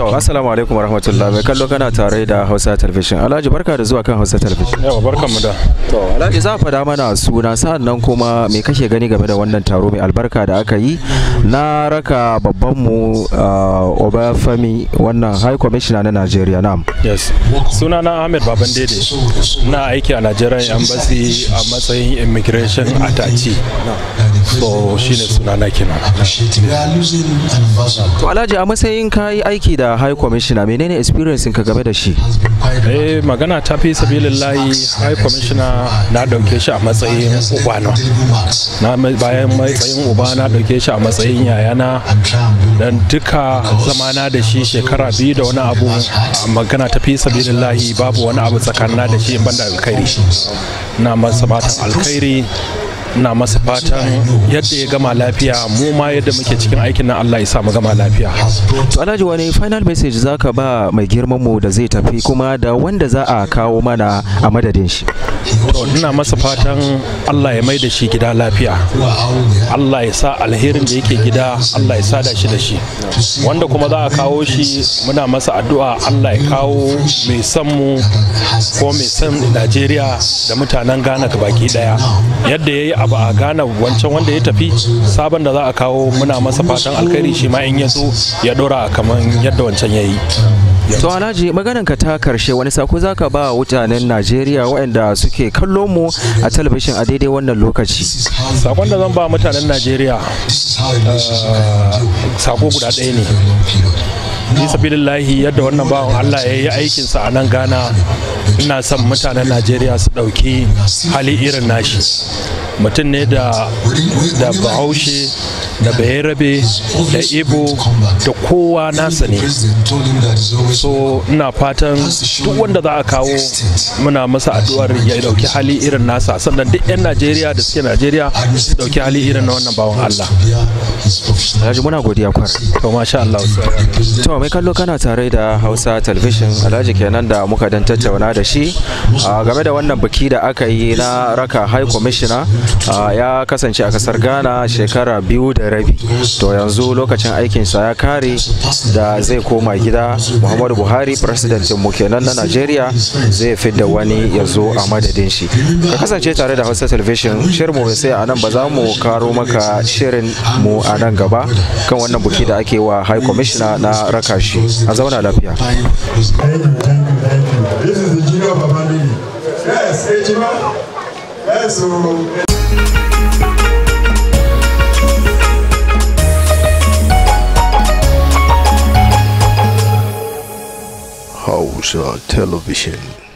to assalamu alaikum warahmatullahi mai kallo kana tare da Hausa Television Alhaji barka da zuwa kan Hausa Television yawa barkanmu da to Alhaji za faɗa mana suna sa'an nan kuma me kake gani game da wannan taro mai albarka da aka yi na raka babban mu uh, Obafemi wannan High Commissioner na nigeria na'am yes suna na Ahmed Baban Dede na aiki a Nigerian Embassy a matsayin immigration atachi so shine sunana kenan to alhaji a matsayin ka yi aiki da high commissioner menene experience ka game da shi eh magana ta fi sabilillahi high commissioner na dauke shi a matsayin ubana na bayan matsayin uba na dauke shi a matsayin yayana dan duka zamana da shi shekara biyu da wani abu magana ta fi sabilillahi babu wani abu tsakanina da shi banda alkhairi na masa alkhairi na masa fata yadda ya gama lafiya mu ma yadda muke cikin aikin nan Allah ya sa mu gama lafiya to Alhaji wani final message zaka ba mai girman mu da zai tafi kuma da wanda za a kawo mana a madadin shi ina masa fatan Allah ya mai da shi gida lafiya Allah ya sa alherin da yake gida Allah ya da shi da shi wanda kuma za a kawo shi muna masa addu'a Allah ya kawo mai san mu ko mai san Najeriya da mutanen Ghana baki daya yadda yayi abu a Ghana wancan wanda ya tafi sabon da za a kawo muna masa fatan alkhairi shi ma in ya zo ya dora kamar yadda wancan yayi to alhaji maganan ka ta karshe wani sako zaka ba mutanen najeriya waɗanda suke kallo mu a talabishin a daidai wannan lokaci sakon da zan ba mutanen najeriya uh, sako guda ɗaya ne ni sabilillahi yadda wannan bawan Allah ya yi aikinsa a nan gana ina son mutanen Najeriya su ɗauki hali irin nashi mutum ne da bahaushe da bayarabe da ibo da kowa nasa ne so ina fatan duk wanda za a kawo muna masa addu'ar ya dauki hali irin nasa sannan duk 'yan najeriya da suke najeriya su dauki hali irin na wannan bawan allah alhaji muna godiya kwar to masha allah to mai kallo kana tare da hausa television alhaji kenan da muka dan tattauna da shi game da wannan biki da aka yi na raka high commissioner ya kasance a kasar ghana shekara biyu da rabi to yanzu lokacin aikinsa ya kare da zai koma gida muhammadu buhari presidentin mu kenan na nigeria zai fidda wani ya zo a madadin shi ka kasance tare da hausa television shirin mu sai a nan ba za mu karo maka shirin mu a nan gaba kan wannan buki da ake wa high commissioner na rakashi a zauna lafiya Yes, house television.